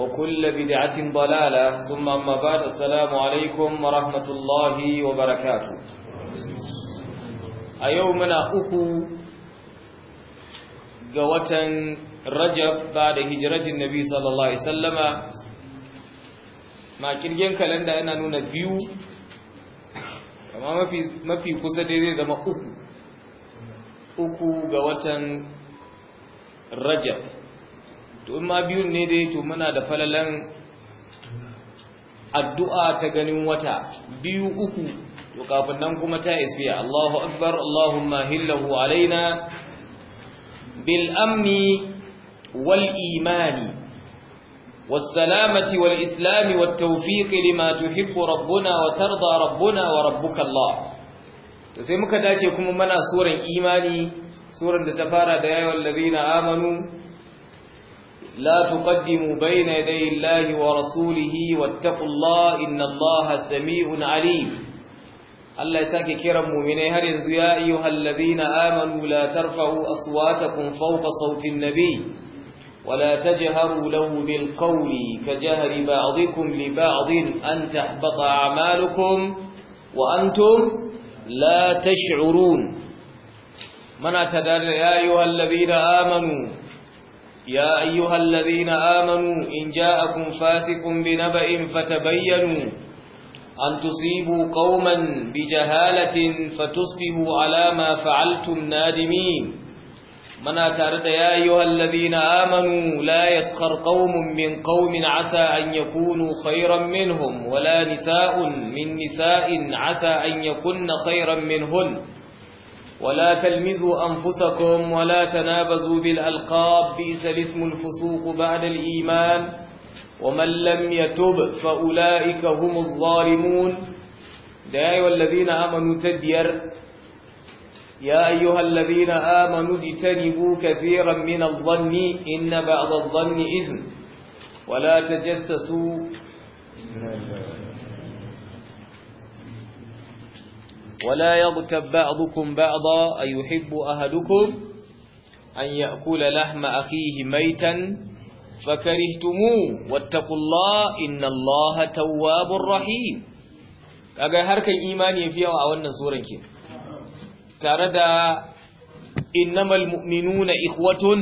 وكل بدعة ضلالة ثم أما بعد السلام عليكم ورحمة الله وبركاته أيومنا أكو قوة رجب بعد هجرة النبي صلى الله عليه وسلم ما كرجين كالندا أنا نونا بيو كما ما في kusa daidai zama uku uku ga watan rajab to in ma biyun ne dai to muna da falalan addu'a ta ganin wata biyu uku to kafin nan kuma ta isfiya Allahu akbar Allahumma hillahu alaina bil amni wal imani والسلامة والإسلام والتوفيق لما تحب ربنا وترضى ربنا وربك الله sai muka dace kuma mana suran imani suran da ta fara da yayin allazina amanu لا تقدموا بين يدي الله ورسوله واتقوا الله إن الله سميع عليم الله يساك كرم مؤمني هل ينزو يا أيها الذين آمنوا لا ترفعوا أصواتكم فوق صوت النبي ولا تجهروا له بالقول كجهر بعضكم لبعض أن تحبط أعمالكم وأنتم لا تشعرون من أتدر يا أيها الذين آمنوا يا أيها الذين آمنوا إن جاءكم فاسق بنبأ فتبينوا أن تصيبوا قوما بجهالة فتصبحوا على ما فعلتم نادمين من أترد يا أيها الذين آمنوا لا يسخر قوم من قوم عسى أن يكونوا خيرا منهم ولا نساء من نساء عسى أن يكن خيرا منهن ولا تلمزوا أنفسكم ولا تنابزوا بالألقاب بئس الاسم الفسوق بعد الإيمان ومن لم يتب فأولئك هم الظالمون يا أيها الذين آمنوا تدير يا أيها الذين آمنوا اجتنبوا كثيرا من الظن إن بعض الظن إذن ولا تجسسوا ولا يغتب بعضكم بعضا أيحب يحب أهلكم أن يأكل لحم أخيه ميتا فكرهتموه واتقوا الله إن الله تواب رحيم أقا هرك الإيمان يفيا وعوانا سورة تردى إنما المؤمنون إخوة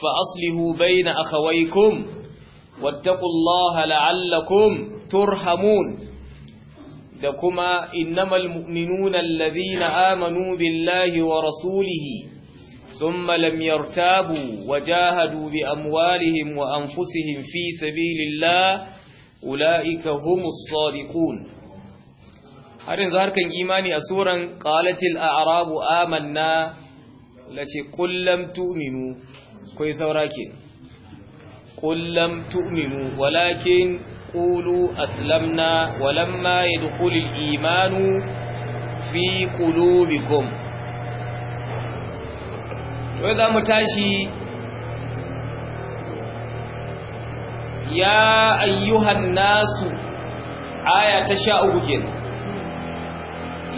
فأصله بين أخويكم واتقوا الله لعلكم ترحمون da kuma innamal mu'minuna alladhina amanu billahi wa rasulihi sun thumma tabu wa jahadu bi amwalihim wa anfusihim fi sabilillah ulaika humus sadiqun har yanzu harkan imani a suran qalatil a'rabu amanna lace kullam tu'minu kai saurake kullam tu'minu walakin قولوا أسلمنا ولما يدخل الإيمان في قلوبكم وإذا متاشي يا أيها الناس آية تشاء بجن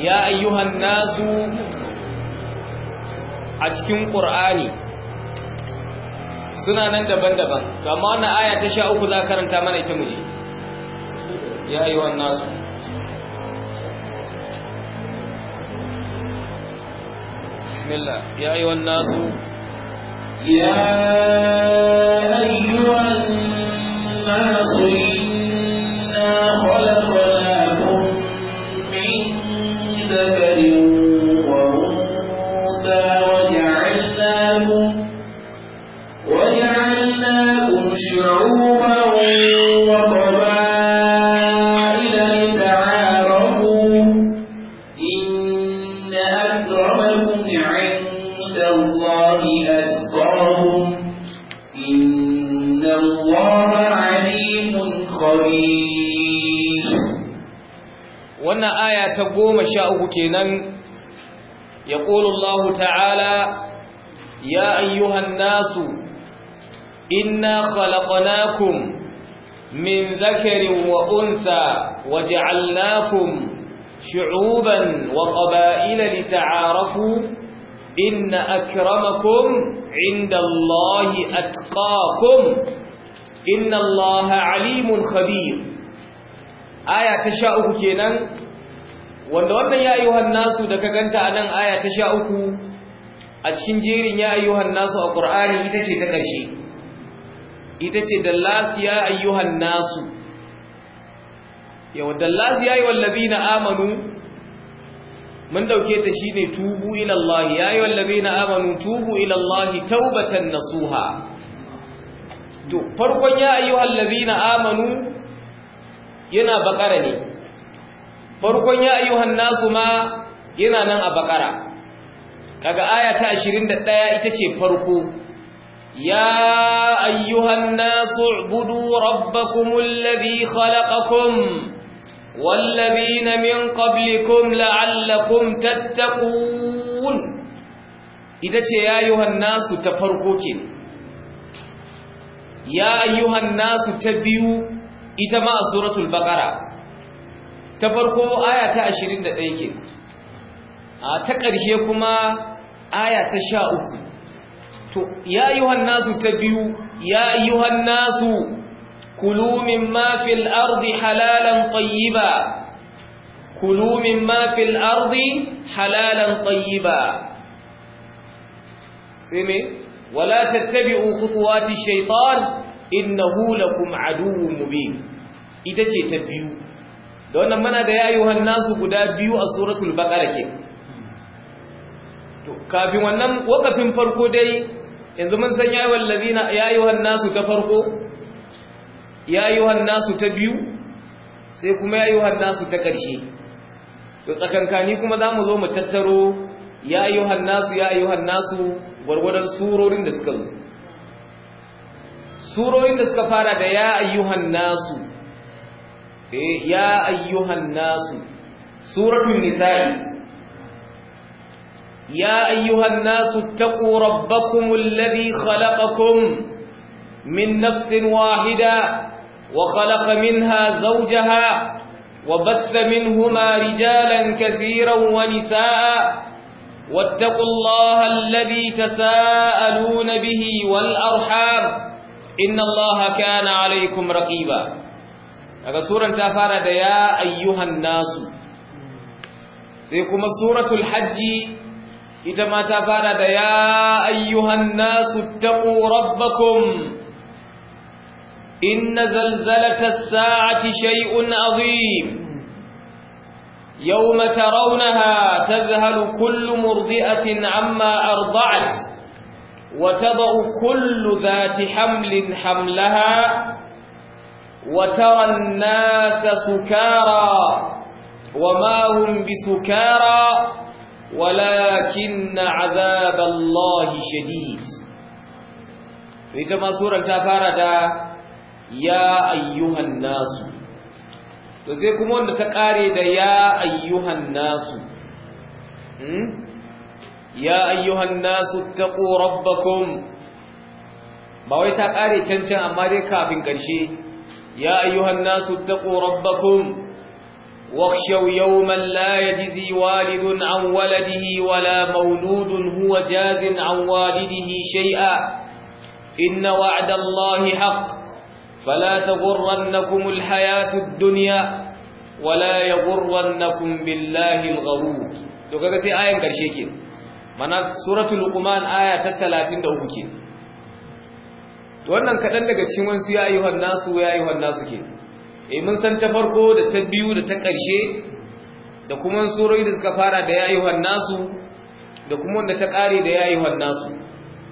يا أيها الناس أتكم قرآني suna nan daban-daban amma wannan aya ta sha uku za karanta mana ita mushi ya yi ya yi ya nasu nasu inna khalaqnakum min zakarin wa untha waja'alnakum shu'uban wa qaba'ila lita'arafu inna akramakum 'inda Allahi atqakum inna Allaha 'alimun khabir aya ta sha uku kenan wanda wannan ya ayyuhan nasu da ka ganta a nan aya ta sha uku a cikin jerin ya ayyuhan nasu a ƙur'ani ita ce ta ƙarshe ita ce dallas ya ayyuhan nasu yau dallas ya yi wallabi na amanu mun dauke ta ne tubu ilallahi ya ya wallabi na amanu tubu ilallahi taubatan taubatan nasuha to farkon ya labi na amanu yana bakara ne farkon ya ayyuhan nasu ma yana nan a bakara kaga aya ta 21 ita ce farko ya ayyuhan nasu ubudu rabbakumul ladhi khalaqakum wal ladina min qablikum la'allakum tattaqun ita ce ya ayyuhan nasu ta farko ke ya ayyuhan nasu ta biyu ita ma a suratul baqara ta farko aya ta 21 ke a ta ƙarshe kuma aya ta sha uku to ya yi nasu ta biyu ya yi nasu kulu min mafil ardi halalan tayyiba kulu min mafil ardi halalan tayyiba sai me wala tattabi'u khutuwati shaytan innahu lakum aduwwun mubin ita ce ta biyu da wannan mana da ya yi nasu guda biyu a suratul baqara ke kafin wannan wakafin farko dai yanzu mun san yayi wallazina yayi nasu ta farko yayi nasu ta biyu sai kuma yayi nasu ta ƙarshe to tsakankani kuma zamu zo mu tattaro yayi nasu yayi nasu gurgurdan surorin da suka surorin da suka fara da ya ayyuhan nasu eh, ya ayyuhan nasu suratul nisa'i يا أيها الناس اتقوا ربكم الذي خلقكم من نفس واحدة وخلق منها زوجها وبث منهما رجالا كثيرا ونساء واتقوا الله الذي تساءلون به والأرحام إن الله كان عليكم رقيبا سورة تافارة يا أيها الناس سيكون سورة الحج إذا ما ta fara أيها الناس اتقوا ربكم إن زلزلة الساعة شيء عظيم يوم ترونها تذهل كل مرضئة عما أرضعت وتضع كل ذات حمل حملها وترى الناس سكارى وما هم بسكارى walakin azaballahi shadid to ita ma surar ta fara da ya ayyuhan nasu to sai kuma wanda ta kare da ya ayyuhan su, hmm? ya ayyuhan nasu taqu rabbakum ba wai ta kare cancan amma dai kafin ƙarshe. ya ayyuhan nasu taqu rabbakum واخشوا يوما لا يجزي والد عن ولده ولا مولود هو جاز عن والده شيئا إن وعد الله حق فلا تغرنكم الحياة الدنيا ولا يغرنكم بالله الغرور لو كذا سي آية كرشي كين معنى سورة لقمان آية 33 كين wannan kadan daga cikin wasu ya ayyuhan nasu ya ayyuhan nasu kenan eh mun san ta farko da ta biyu da ta ƙarshe da kuma surori da suka fara da yayi hannasu da kuma wanda ta ƙare da yayi nasu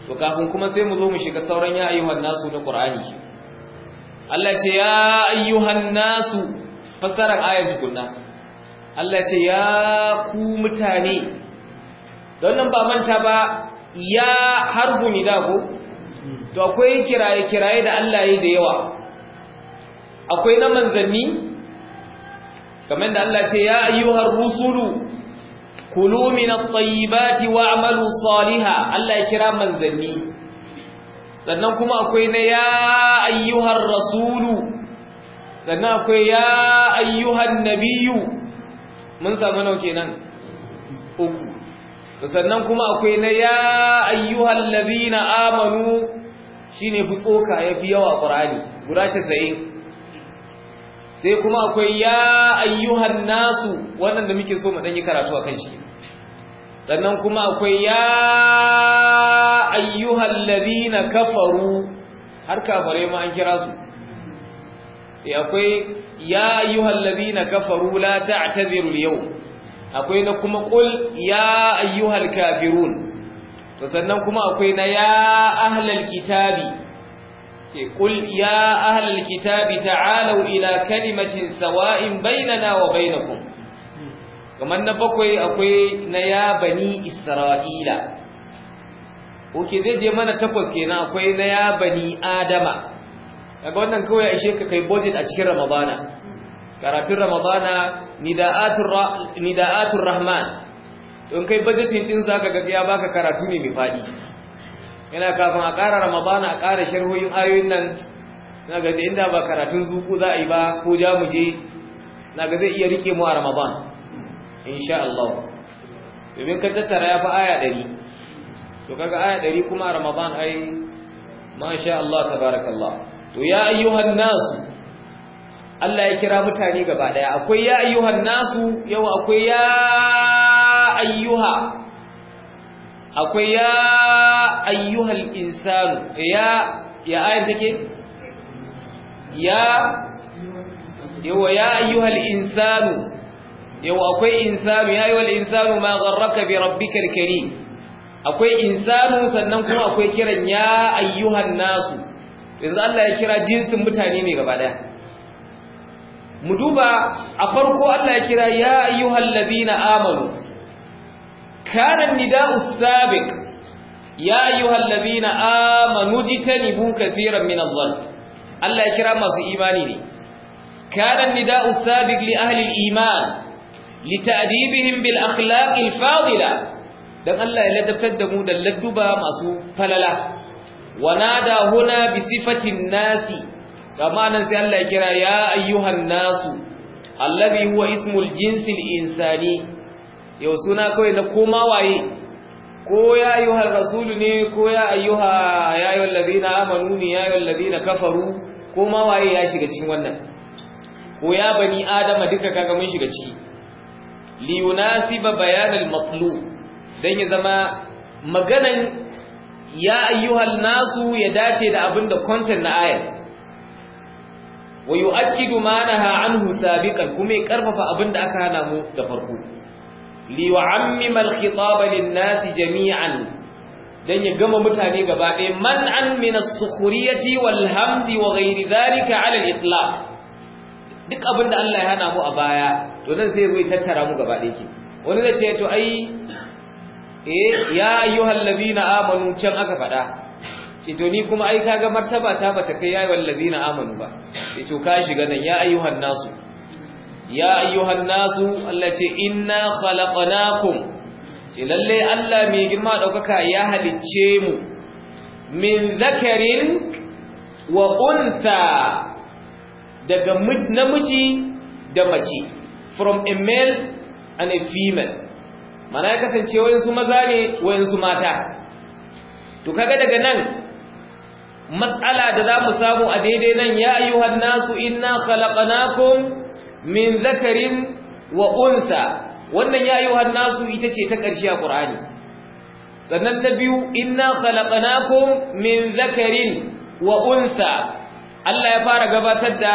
to kafin kuma sai mu zo mu shiga sauran yayi nasu na Qur'ani Allah ce ya ayyuhan nasu fasarar ayat tukunna Allah ce ya ku mutane don nan ba manta ba ya harfu ni da ko to akwai kiraye kiraye da Allah yi da yawa akwai na manzanni kamar da Allah ce ya ayyuhar rusulu kulu min at-tayyibati wa'malu salihan Allah ya kira manzanni sannan kuma akwai na ya ayyuhar rasulu sannan akwai ya ayyuhan nabiyyu mun samu nau kenan uku sannan kuma akwai na ya ayyuhal ladina amanu shine fi tsoka yafi yawa qur'ani guda sai sai kuma akwai ya ayyuhan nasu wannan da muke so mu dan yi karatu akan shi sannan kuma akwai ya ayyuhal ladina kafaru har kafare ma an kira su eh, akwai ya ayyuhal ladina kafaru la ta'tadiru al-yawm akwai na kuma qul ya ayyuhal kafirun to sannan kuma akwai na ya ahlal kitabi ce ƙul ya ahalar kitabi ta ila kalimacin sawa’in bainana wa bainakun kamar na bakwai akwai na yabani isra’ila oke zai je mana takwas kenan akwai na yabani adama daga wannan kawai a ishe ka kai budget a cikin ramadana karatun ramadana nida'atun rahman don kai budgetin din za ka ya baka karatu ne mai faɗi yana kafin a ƙara ramabana a ƙara sharhoyin ayoyin nan na ga inda ba karatun zuku za a yi ba ko ja mu je na ga zai iya rike mu a ramadan insha Allah domin ka tattara ya fi aya ɗari to kaga aya ɗari kuma a ramaban ai sha Allah tabarakallah to ya ayyuhan nasu Allah ya kira mutane gaba daya akwai ya ayyuhan nasu yau akwai ya ayyuha akwai ya ayyuhal insanu ya ya ayar take ya yawa ya ayyuhal insanu yawa akwai insanu ya ayyuhal insanu ma gharraka bi rabbikal karim akwai insanu sannan kuma akwai kiran ya ayyuhan nasu yanzu Allah ya kira jinsin mutane ne gaba daya mu duba a farko Allah ya kira ya ayyuhal ladina amanu kana nida'u sabiq ya ayyuhal ladina amanu jitanibu kaseeran min adh-dhann Allah ya kira masu imani ne kana nida'u sabiq li ahli al-iman li ta'dibihim bil akhlaq al-fadila dan Allah ya ladabtar da mu da laduba masu falala wanada huna bi sifatin nasi kama nan sai Allah ya kira ya ayyuhan nasu allazi huwa ismul jinsil insani yau suna kawai na koma waye ko ya ayyuhar rasulu ne ko ya ayyuha ya ayyuhal amanu ne ya ayyuhal kafaru koma waye ya shiga cikin wannan ko ya bani adama duka kaga mun shiga ciki li yunasiba bayan al matlub dan ya zama maganan ya ayyuhal nasu ya dace da abinda content na ayat wa yu'akkidu ma'anaha anhu sabiqan kuma ya karfafa abin da aka hana mu da farko liwa'ammima al-khitaba nasi jami'an dan ya gama mutane gaba ɗaya man an min as-sukhriyati wal hamdi wa gairi, dhalika 'ala itlaq duk abin da Allah ya hana mu a baya to nan sai zai tattara mu gaba ɗaya ke wani zai ce to ai eh ya ayyuhal ladina amanu can aka faɗa ce to ni kuma ai kaga martaba ta bata kai ya ayyuhal ladina amanu ba ce to ka shiga nan ya ayyuhan nasu ya ayyuhan nasu Allah ce inna khalaqnakum ce lalle Allah mai girma daukaka ya halicce mu min zakarin wa unsa daga namiji da mace from a male and a female mana ya kasance su maza ne su mata to kaga daga nan matsala da za mu samu a daidai nan ya ayyuhan nasu inna khalaqnakum min zakarin wa unsa wannan ya yi nasu ita ce ta ƙarshe a ƙur'ani sannan ta biyu inna khalaqnakum min zakarin wa unsa Allah ya fara gabatar da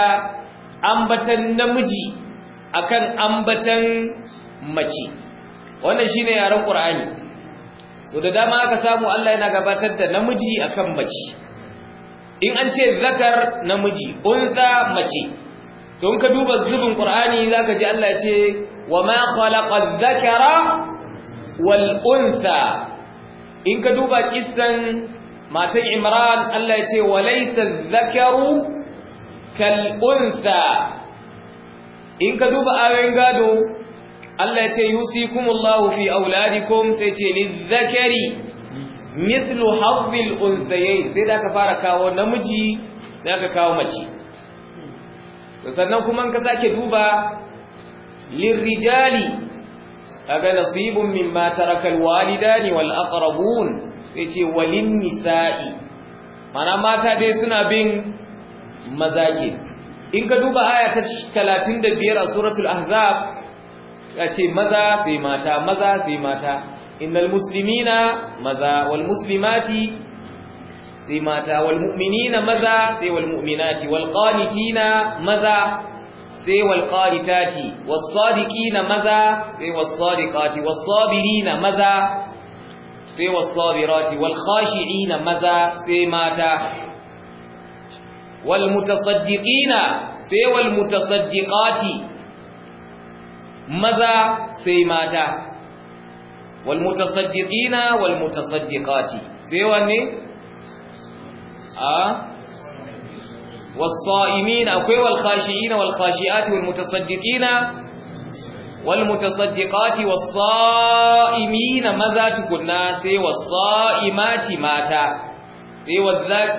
ambatan namiji akan ambatan mace wannan shine yaren ƙur'ani so da dama aka samu Allah yana gabatar da namiji akan mace in an ce zakar namiji unsa mace don ka duba zubin qur'ani zaka ji Allah ce wa ma khalaqa dhakara wal untha in ka duba kissan matan Imran Allah ce wa laysa zakaru kal untha in ka duba ayoyin gado Allah ce yusikumullahu fi auladikum sai ce zakari. mithlu hazzil unsayayn sai da ka fara kawo namiji da ka kawo mace sannan kuma ka sake duba lirrijali aga nasibun mimma tarakal walidani wal aqrabun yace walin nisa'i mana mata dai suna bin mazaje in ka duba aya ta 35 a suratul ahzab yace maza sai mata maza sai mata innal muslimina maza wal muslimati sai mata wal mu'minina maza sai wal mu'minati wal qanitina maza sai wal qanitati was sadiqina maza sai was sadiqati was sabirina maza sai was sabirati wal khashi'ina maza sai mata wal mutasaddiqina sai wal mutasaddiqati maza sai mata wal mutasaddiqina wal mutasaddiqati sai wanne a والصائمين أكوي والخاشعين والخاشعات والمتصدقين والمتصدقات والصائمين ماذا تقولنا سي والصائمات ماتا سي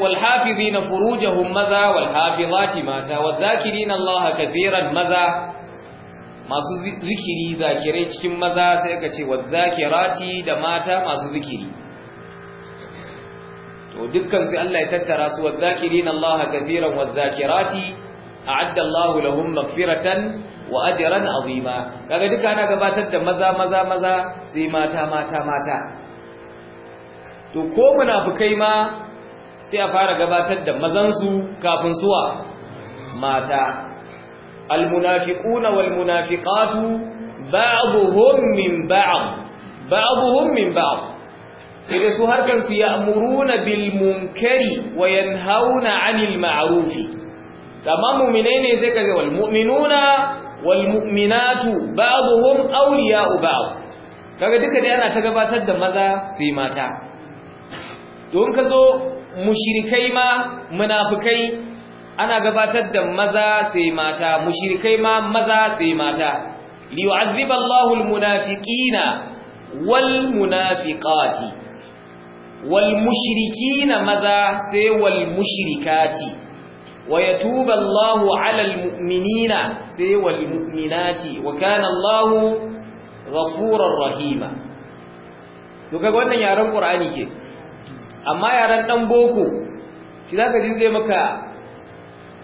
والحافظين فروجهم ماذا والحافظات ماتا والذاكرين الله كثيرا ماذا masu zikiri zakirai cikin maza sai ka ce wadhakirati da mata masu zikiri to dukkan su Allah ya tattara su wadh-dhakirin Allah kathiran wadh-dhakirati a'adda Allah lahum maghfiratan wa ajran 'azima kaga duka ana gabatar da maza maza maza sai mata mata mata to ko munafikai ma sai a fara gabatar da su kafin suwa mata almunafiquna walmunafiqatu ba'dhum min ba'd ba'dhum min ba'd sai dai su harkar su muruna bil munkari wa yanhauna 'anil ma'ruf amma mu'minai ne sai kaga wal mu'minuna wal mu'minatu ba'dhum awliya'u ba'd kaga duka dai ana ta gabatar da maza sai mata don ka zo mushrikai ma munafikai ana gabatar da maza sai mata mushrikai ma maza sai mata liyu'adhiba Allahu wal walmunafiqati wal na maza sai wal mushrikati wa yatuba Allahu alal mu'minina sai wal mu'minati wa kana Allahu ghafurur rahima to kaga wannan yaran Qur'ani ke amma yaran dan boko shi zaka ji zai maka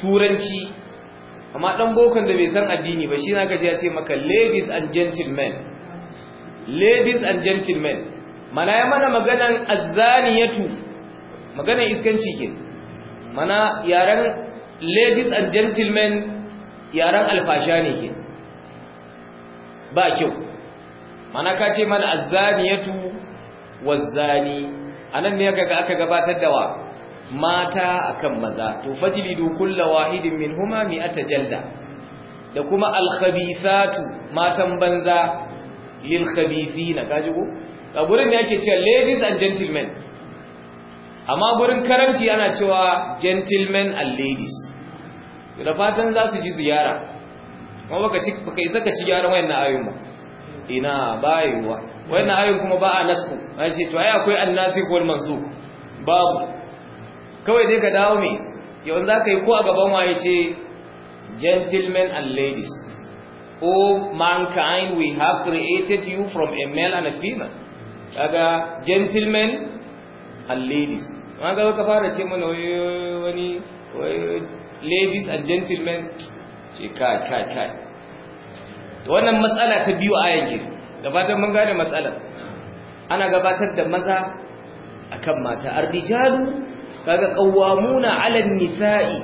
turanci amma dan bokon da bai san addini ba shi zaka ji ya ce maka ladies and gentlemen ladies and gentlemen mana ya mana maganan azzaniyatu maganan iskanci ke mana yaran ladies and gentlemen yaran alfasha ne ke ba kyau mana ka ce mana azzaniyatu wazzani anan ne kaga aka gabatar da wa mata akan maza to fajlidu kullu wahidin minhuma mi'ata jalda da kuma alkhabithatu matan banza lil khabithina kaji ko a gurin ne ake cewa ladies and gentlemen amma gurin karanci ana cewa gentlemen and ladies da fatan za su ji ziyara kuma baka ci baka isa ka ci gyaran wayannan ayyun ba ina bayuwa na ayyun kuma ba a nasu an ce to ai akwai annasi ko mansukh babu kawai dai ka dawo me yau za ka yi ko a gaban waye ce gentlemen and ladies O mankind, we have created you from a male and a female. kaga gentlemen and ladies ma ga ka fara ce mana wani ladies and gentlemen ce kai kai kai wannan matsala ta biyu a yake gabatar mun gane matsalar ana gabatar da maza akan mata ardijalu kaga qawwamuna 'ala an-nisa'i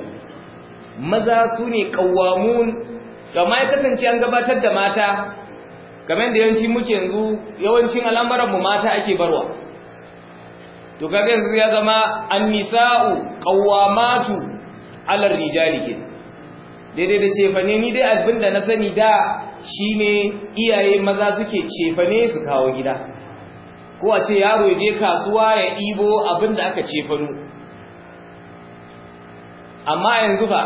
maza sune qawwamun kamar ya kasance an gabatar da mata kamar da yawanci muke yanzu yawancin al'amuran mu mata ake barwa to kaga yanzu ya zama annisa'u qawwamatu 'ala alar ke daidai da cefane ni dai abin da na sani da shi ne iyaye maza suke cefane su kawo gida ko a ce yaro ya je kasuwa ya ibo da aka cefano amma yanzu ba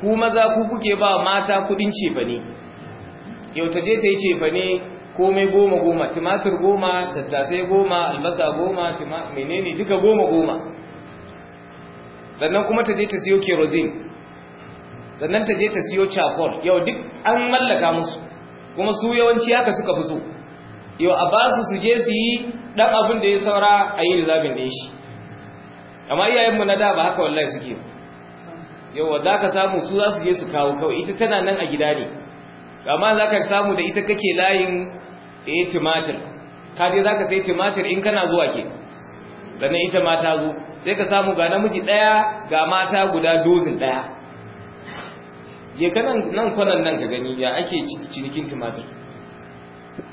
ku maza ku kuke ba mata kuɗin cefane yau ta je ta yi cefa ne komai goma goma tumatir goma tattasai goma albasa goma menene duka goma goma sannan kuma ta je ta siyo kerosene sannan ta je ta siyo charcoal yau duk an mallaka musu kuma su yawanci haka suka fi so yau a ba su je su yi dan abin da ya saura a yi rizabin ya shi amma iyayenmu na da ba haka wallahi suke yau za ka samu su za su je su kawo kawai ita tana nan a gida ne amma za ka samu da ita kake layin eh tumatir ka dai za ka sai tumatir in kana zuwa ke sannan ita mata zo sai ka samu ga namiji ɗaya ga mata guda dozin ɗaya je ka nan kwanan nan ka gani ya ake cinikin tumatir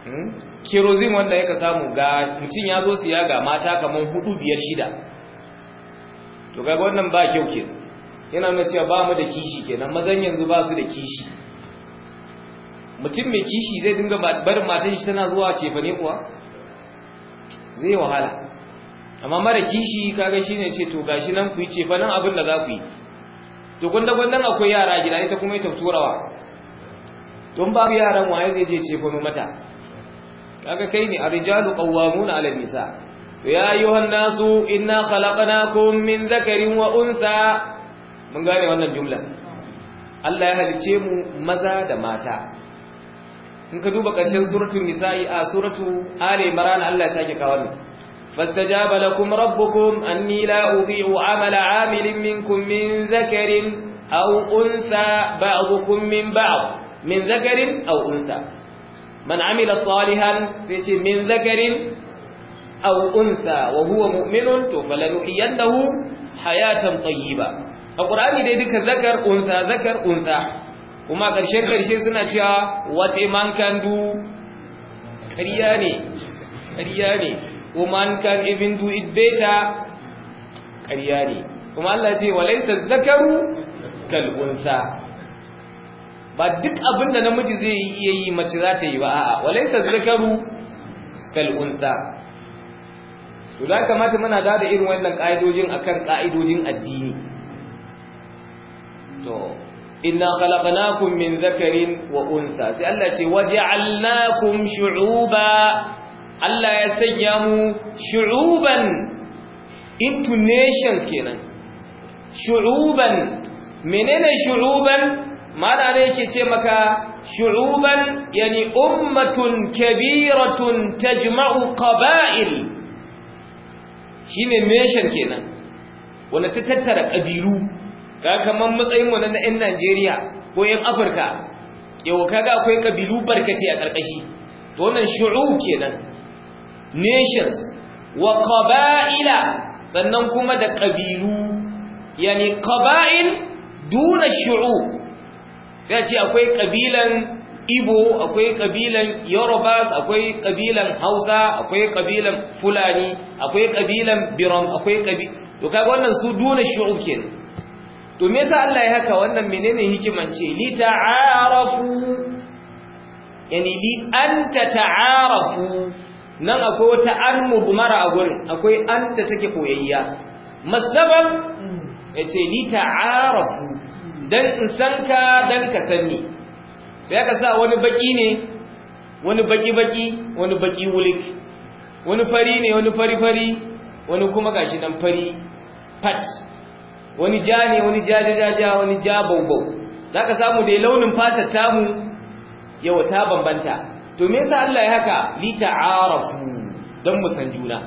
hmm? kerosene wanda ya ka samu ga mutum ya zo siya ga mata kamar hudu biyar shida to ga wannan ba kyau ke yana nuna cewa ba mu da kishi kenan mazan yanzu ba su da kishi mutum mai kishi zai dinga barin matan shi tana zuwa cefa ne kuwa zai yi wahala amma mara kishi kaga ne ce to gashi nan ku yi cefa nan abin da za ku yi to gwanda gwandan akwai yara gida ita kuma ita turawa don babu yaran waye zai je cefa mata kaga kai ne arrijalu qawwamuna 'ala nisa ya ayyuhan nasu inna khalaqnakum min zakarin wa unsa mun gane wannan jumla Allah ya halice mu maza da mata in ka duba ƙarshen suratul nisa'i a suratu ali imran Allah ya sake kawo ne fastajaba lakum rabbukum anni la udhi'u amala 'amilin minkum min dhakarin aw unsa ba'dukum min ba'd min dhakarin aw unsa man 'amila salihan fi min dhakarin aw unsa wa huwa mu'minun to falanuhiyannahu hayatan tayyiba a qur'ani dai duka zakar unsa zakar unsa kuma ƙarshen ƙarshe suna cewa what a man can do ƙarya ne ƙarya ne woman can kan ibin it idbeta ƙarya ne kuma Allah ce walaisa zakaru kal'unsa ba duk abin da namiji zai iya yi mace za ta yi ba a'a walaisa zakaru kal'unsa to da kamata muna da irin wannan ƙa'idojin akan ƙa'idojin addini to inna khalaqnakum min dhakarin wa unsa sai Allah ce waja'alnakum shu'uba Allah ya sanya mu shu'uban into kenan shu'uban menene shu'uban mana ne yake ce maka shu'uban yani ummatun kabiratun tajma'u qaba'il shine nation kenan wanda ta tattara kabilu ga kaman matsayin mu na 'yan Najeriya ko 'yan Afirka yau kaga akwai kabilu barkace a karkashi to wannan shu'ub kenan nations wa qaba'ila sannan kuma da kabilu yani qaba'il duna shi'u ya ce akwai kabilan Ibo akwai kabilan Yorubas akwai kabilan Hausa akwai ƙabilan Fulani akwai ƙabilan Biram akwai kabi to kaga wannan su duna shu'ub kenan to me yasa Allah ya haka wannan menene hikiman ce li ta'arafu yani li anta ta'arafu nan akwai wata an mudmara a gurin akwai an da take koyayya masabab yace li ta'arafu dan in san ka dan ka sani sai ka sa wani baki ne wani baki baki wani baki wulik wani fari ne wani fari fari wani kuma gashi dan fari pat wani ja ne wani ja jajaja wani ja baubau za ka samu dai launin fatar tamu yawa ta bambanta to me yasa Allah ya haka li arafu, don mu san juna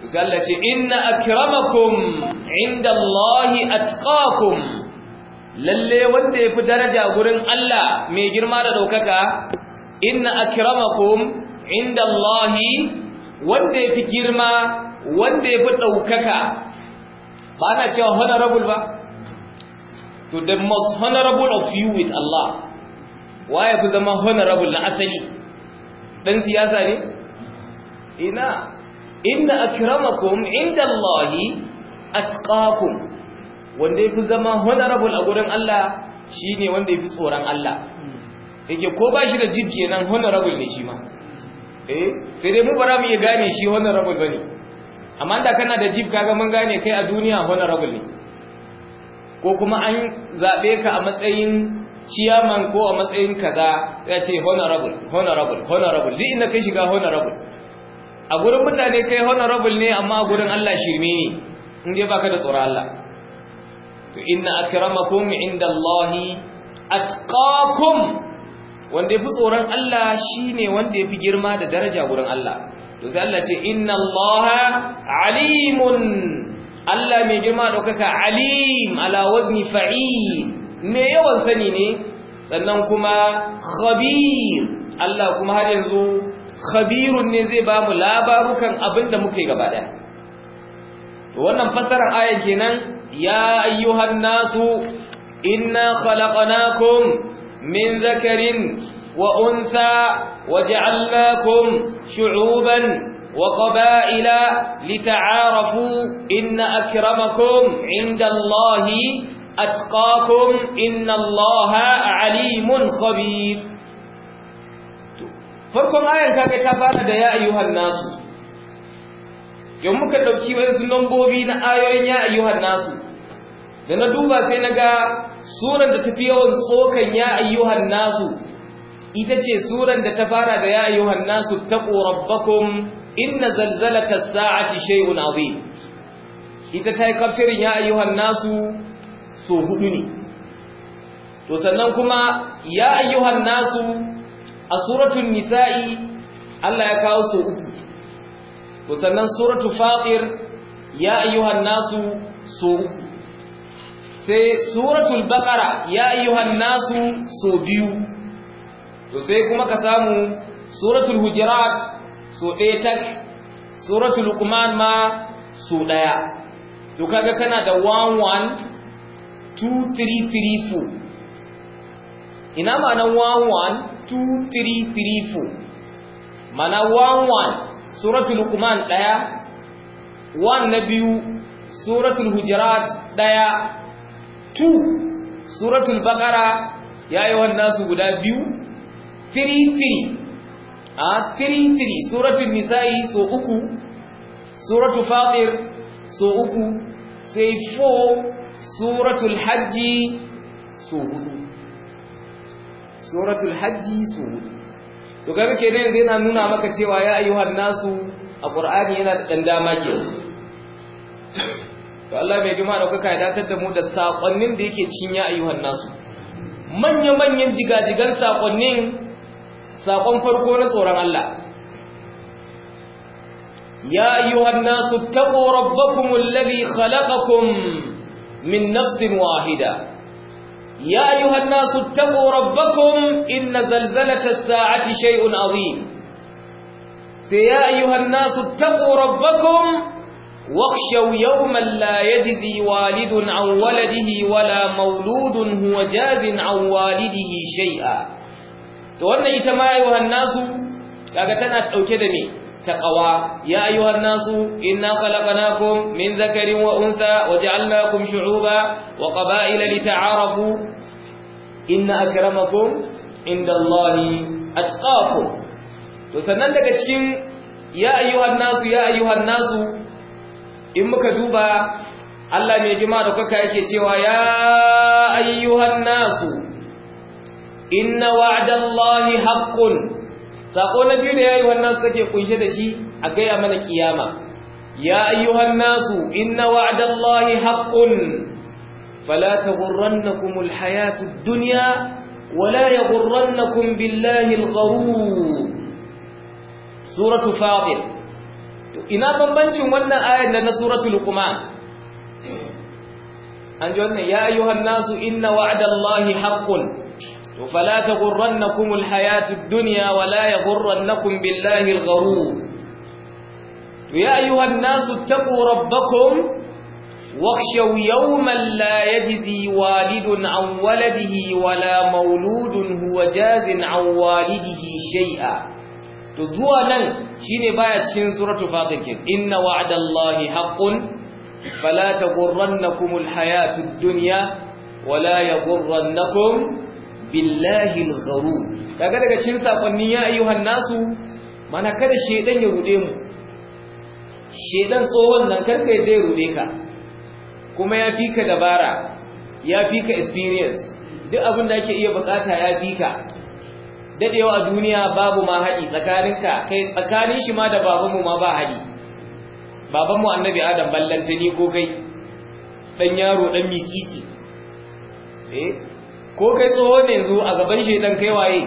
to Allah ce inna akramakum indallahi atqakum lalle wanda yafi daraja gurin Allah mai girma da daukaka inna akramakum indallahi wanda fi girma wanda yafi daukaka ba na cewa honorable ba to the most honorable of you with Allah waye ku zama honorable na asali dan siyasa ne ina inna akramakum inda Allah atqakum wanda yafi zama honorable a gurin Allah shine wanda yafi tsoron Allah yake ko ba shi da jib nan honorable ne shi ma eh sai dai mu bara mu iya gane shi honorable bane amma da kana da jeep kaga mun gane kai a duniya honorable ne ko kuma an zabe ka a matsayin chairman ko a matsayin kaza ya ce honorable honorable honorable din inda kai shiga honorable a gurin mutane kai honorable ne amma a gurin Allah shirme ne in dai baka da tsoron Allah to inna akramakum indallahi atqakum wanda yafi tsoron Allah shine wanda yafi girma da daraja gurin Allah to sai Allah ce inna allaha alimun Allah mai girma ɗaukaka alim ala wazni fa'il me yawan sani ne sannan kuma khabir Allah kuma har yanzu khabirun ne zai bamu labarukan abinda muke gaba daya to wannan fassarar aya kenan ya ayyuhan nasu inna khalaqnakum min zakarin وأنثى وجعلناكم شعوبا وقبائل لتعارفوا إن أكرمكم عند الله أتقاكم إن الله عليم خبير farkon ayan kaga ta fara da ya ayyuhan nasu yau muka ɗauki wasu lambobi na ayoyin ya ayyuhan nasu da na duba sai ga surar da tafi yawan tsokan ya ayyuhan nasu ita ce suran da ta fara da ya ayyuhan nasu ta rabbakum inna zalzalatas sa'ati shay'un azim ita ta yi kaftirin ya ayyuhan nasu so hudu ne to sannan kuma ya nasu a suratun nisa'i Allah ya kawo so uku to sannan suratul fatir ya nasu so uku sai suratun baƙara ya nasu so biyu to sai kuma ka samu suratul hujurat so ɗaya tak suratul luqman ma so ɗaya to kaga kana da 112334 ina ma'anar 112334 mana 11 suratul luqman ɗaya 1 na biyu suratul hujurat ɗaya 2 suratul baqara yayi wannan su guda biyu 33 a 33 suratul nisa'i so uku suratul fatir so uku sai 4 suratul hajji so hudu suratul hajji so hudu to kake ne zai na nuna maka cewa ya ayyuhan nasu a qur'ani yana da dan maki to Allah mai girma da kuka datar da mu da sakonnin da yake cikin ya ayyuhan nasu manya-manyan jigajigan sakonnin saƙon farko na tsoron Allah ya ayyuhan nasu taqu rabbakumul ladhi khalaqakum min nafsin wahida ya ayyuhan nasu taqu rabbakum inna zalzalata saati shay'un 'azim sai ya ayyuhan su taqu rabbakum واخشوا yau لا يجزي والد عن ولده ولا مولود هو جاز عن والده شيئا to wannan ita ma ayyuhan nasu kaga tana dauke da me taqwa ya ayyuhan nasu inna khalaqnakum min dhakarin wa untha waja'alnakum shu'uba wa qaba'ila lita'arafu inna akramakum indallahi atqakum to sannan daga cikin ya ayyuhan nasu ya ayyuhan nasu in muka duba Allah mai jima da kuka yake cewa ya ayyuhan nasu inna wa'dallahi haqqun sako na biyu da yayi wannan suke kunshe da shi a ya mana kiyama ya ayyuhan nasu inna wa'dallahi haqqun fala taghurrannakumul hayatud dunya wala yaghurrannakum billahi algharur suratu fatir ina bambancin wannan ayar da na suratul luqman an ji wannan ya ayyuhan nasu inna wa'dallahi haqqun to fala taghurrannakum alhayatud dunya wala yaghurrannakum billahi algharur to ya ayuhan nasu taqu rabbakum واخشوا يوما لا يجزي والد عن ولده ولا مولود هو جاز عن والده شيئا to zuwa nan shine baya cikin suratul fatir inna wa'dallahi haqqun fala taghurrannakumul hayatud dunya wala yaghurrannakum billahi al-gharur kaga daga cikin sakonni ya ayyuhan nasu mana kada shedan ya rude mu shedan tsohon nan karka ya ya rude ka kuma ya fika dabara ya fika experience duk abin da ake iya bukata ya fika dadewa a duniya babu ma haɗi tsakaninka kai tsakanin shi ma da babanmu ma ba haɗi babanmu annabi adam ballantani ni ko kai dan yaro dan misisi. eh ko kai tsoho ne yanzu a gaban shi dan kai waye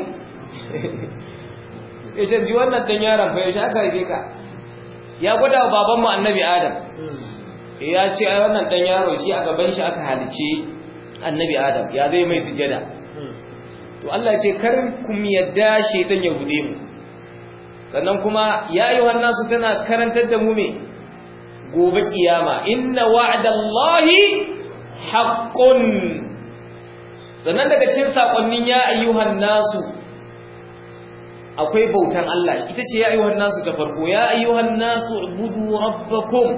ya ce ji wannan dan yaron fa ya sha aka haife ka ya gwada babanmu annabi adam eh, ya ce ai wannan dan yaro shi a gaban shi aka halice annabi adam ya zai mai sujada to Allah ya ce kar ku yadda shedan ya bude mu sannan kuma ya yi wannan su tana karantar da mu me gobe kiyama inna wa'dallahi haqqun sannan daga cikin sakonnin ya ayyuhan nasu akwai bautan Allah ita ce ya ayyuhan nasu ta farko ya ayyuhan nasu ubudu rabbakum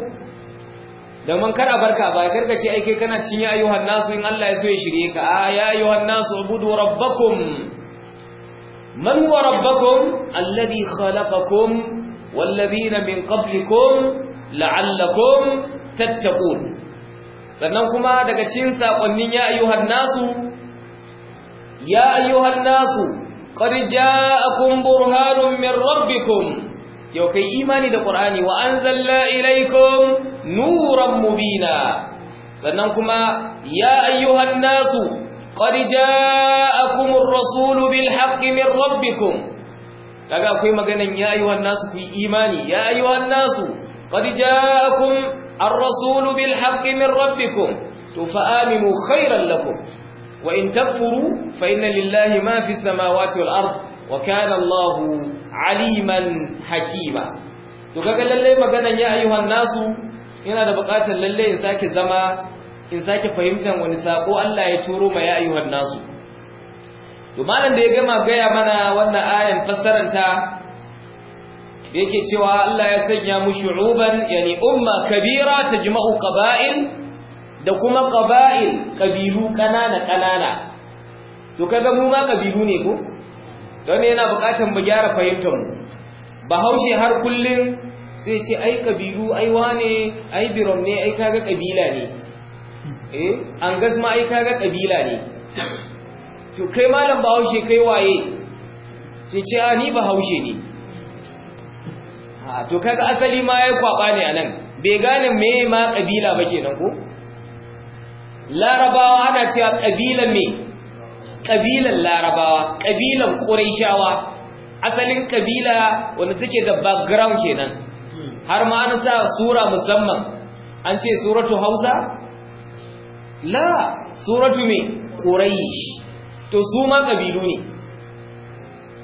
da man kana barka ba karka ce ai kai kana cin ya ayyuhan nasu in Allah ya so ya shirye ka a ya ayyuhan nasu ubudu rabbakum man huwa rabbakum alladhi khalaqakum والذين من قبلكم لعلكم تتقون sannan kuma daga cikin sakonnin ya ayyuhan nasu يا أيها الناس قد جاءكم برهان من ربكم يوكي إيماني دا قرآني وأنزلنا إليكم نورا مبينا سننكما يا أيها الناس قد جاءكم الرسول بالحق من ربكم kaga akwai maganan ya ayyuhan nasu ku imani ya ayyuhan nasu qad ja'akum ar-rasul bil haqqi min rabbikum to fa'aminu khairan lakum wa in takfuru fa lillahi ma fi samawati wal ard wa hakima to kaga lalle maganan ya nasu yana da bukatar lalle in sake zama in sake fahimtar wani sako Allah ya turo ma ya nasu to malam da ya gama gaya mana wannan ayan fassaranta yake cewa Allah ya sanya mu shu'uban yani umma kabira tajma'u qaba'il da kuma ƙaba'il Kabiru ƙanana-ƙanana to kaga mu ma ƙabilu ne ko don yana buƙatar mu gyara ba bahaushe har kullum sai ce ai Kabiru ai wane ai birom ne ai kaga ƙabila ne eh an gasma ai kaga ƙabila ne to kai malam bahaushe kai waye sai ce a ni bahaushe ne ha to kaga asali ma ya kwaba ne anan bai gane me ma ƙabila ba kenan ko larabawa ana cewa ƙabilan me ƙabilan larabawa ƙabilan ƙuraishawa asalin ƙabila wanda take da background kenan har ma an sa sura musamman an ce suratu hausa la suratu me ƙuraish to su ma ƙabilu ne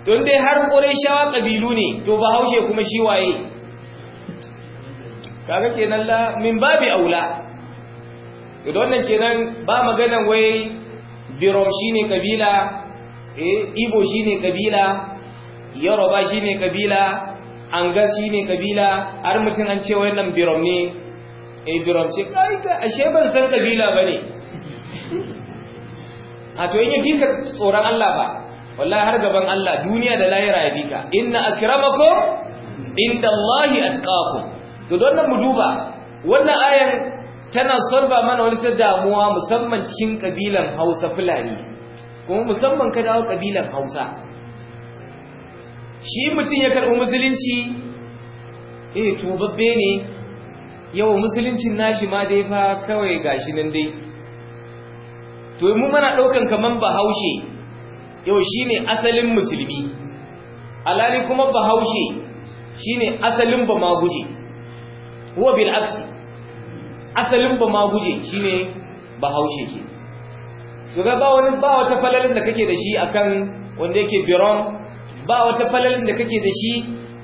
don dai har ƙuraishawa ƙabilu ne to ba haushe kuma shi waye kaga kenan la min babi aula to don nan kenan ba maganan wai birom shine kabila eh ibo shine kabila yoruba shine kabila anga shine kabila har mutun an ce wannan birom ne eh birom ce kai ka ashe ban san kabila bane a to yin dinka tsoron Allah ba wallahi har gaban Allah duniya da lahira ya dika inna akramakum Allah atqakum to don nan mu duba wannan ayan tana sorba mana wani ta damuwa musamman cikin kabilan hausa fulani kuma musamman ka dawo kabilan hausa shi mutum ya karɓi musulunci eh babbe ne yawa musuluncin nashi ma dai fa kawai gashi nan dai to mu mana ɗaukan kaman bahaushe yau shine asalin musulmi alali kuma bahaushe shine asalin ba maguje huwa bil aksi asalin ba ma guje shine bahaushe ke to ga ba wani ba wata falalin da kake da shi akan wanda yake biron ba wata falalin da kake da shi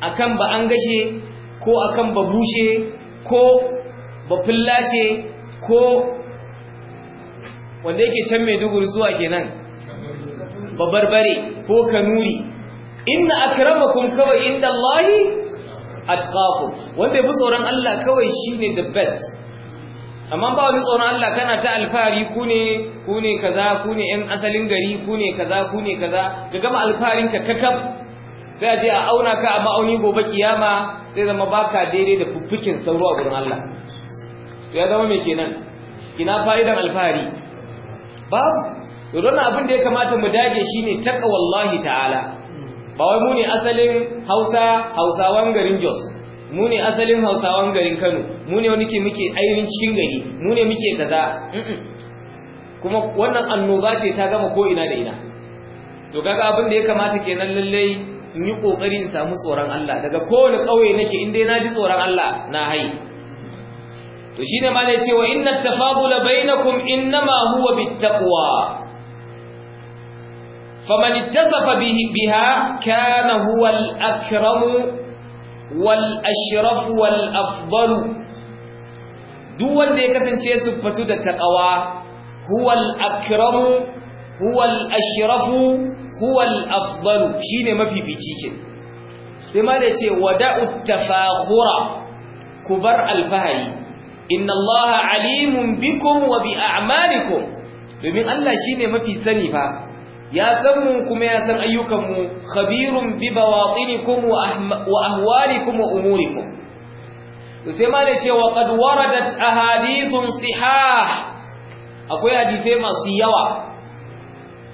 akan ba an gashe ko akan ba bushe ko ba fillace ko wanda yake can mai duguri zuwa kenan ba barbare ko kanuri inna akramakum kawai inda Allahi atqakum wanda ya bi tsoron Allah kawai shine the best amma ba wani tsoron Allah kana ta alfahari ku ne ku ne kaza ku ne ƴan asalin gari ku ne kaza ku ne kaza ka gama alfaharin ka kakaf sai a je a auna ka a ma'auni gobe kiyama sai zama baka daidai da fuffukin sauro a gurin Allah to ya zama me kenan ina fa'idan alfahari babu to don abin da ya kamata mu dage shine taqwallahi ta'ala ba wai mu ne asalin Hausa Hausawan garin Jos mu ne asalin hausawan garin kano mu ne wani ke muke ainihin cikin gari mu ne muke kaza kuma wannan annoba ce ta gama ko ina da ina to kaga abin da ya kamata kenan lallai in yi kokari in samu tsoron Allah daga kowane kauye nake in dai ji tsoron Allah na hai to shine ma ce wa inna tafadula bainakum ma huwa bittaqwa faman bihi biha kana huwa akramu wal ashraf wal afdal duk wanda ya kasance su siffatu da taqwa huwal akramu huwal ashrafu huwal afdalu shine mafifici ke sai ma da ce wada'u tafakhura kubar alfahari inna allaha alimun bikum wa bi domin Allah shine mafi sani fa ya san mu kuma ya san ayyukanmu khabirun bi bawatinikum wa ahwalikum wa umurikum sai ma da cewa qad waradat ahadithun sihah akwai hadisai masu yawa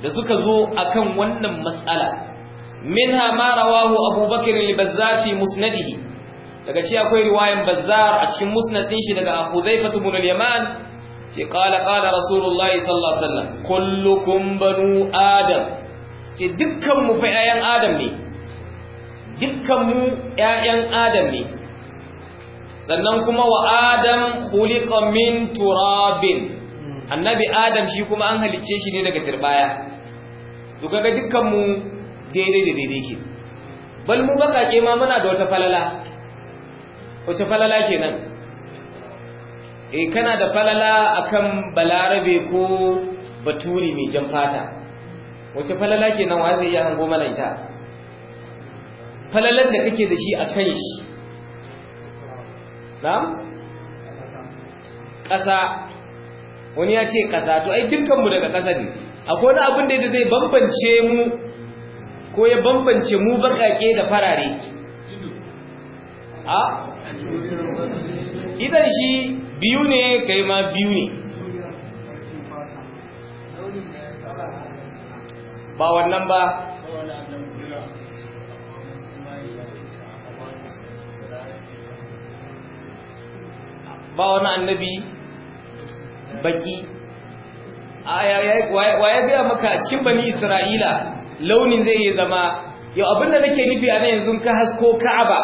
da suka zo akan wannan matsala minha ma rawahu abubakar al-bazzar musnadihi daga ci akwai riwayan bazzar a cikin musnadin shi daga hudhaifah ibn al-yaman ce kala kala rasulullahi sallallahu alaihi wasallam kullukum banu adam ce dukkan mu fa ƴaƴan adam ne dukkan mu ƴaƴan adam ne sannan kuma wa adam khuliqa min turabin annabi adam shi kuma an halicce shi ne daga turbaya to kaga dukkan mu daidai da daidai ke bal mu bakake ma muna da wata falala wata falala kenan e kana da falala akan balarabe ko baturi mai jan fata wace falala ke nan wa zai iya hango mana ita falalan da kake da shi a kan shi na? ƙasa wani ya ce ƙasa to ai dukkanmu daga ƙasa ne akwai wani abin da zai bambance mu ko ya bambance mu baƙaƙe da farare a idan shi biyu ne kai ma biyu ne ba wannan ba ba wani annabi baki ya biya maka cikin bani isra'ila launin zai yi zama yau abinda nake nufi a nan yanzu ka hasko ka'aba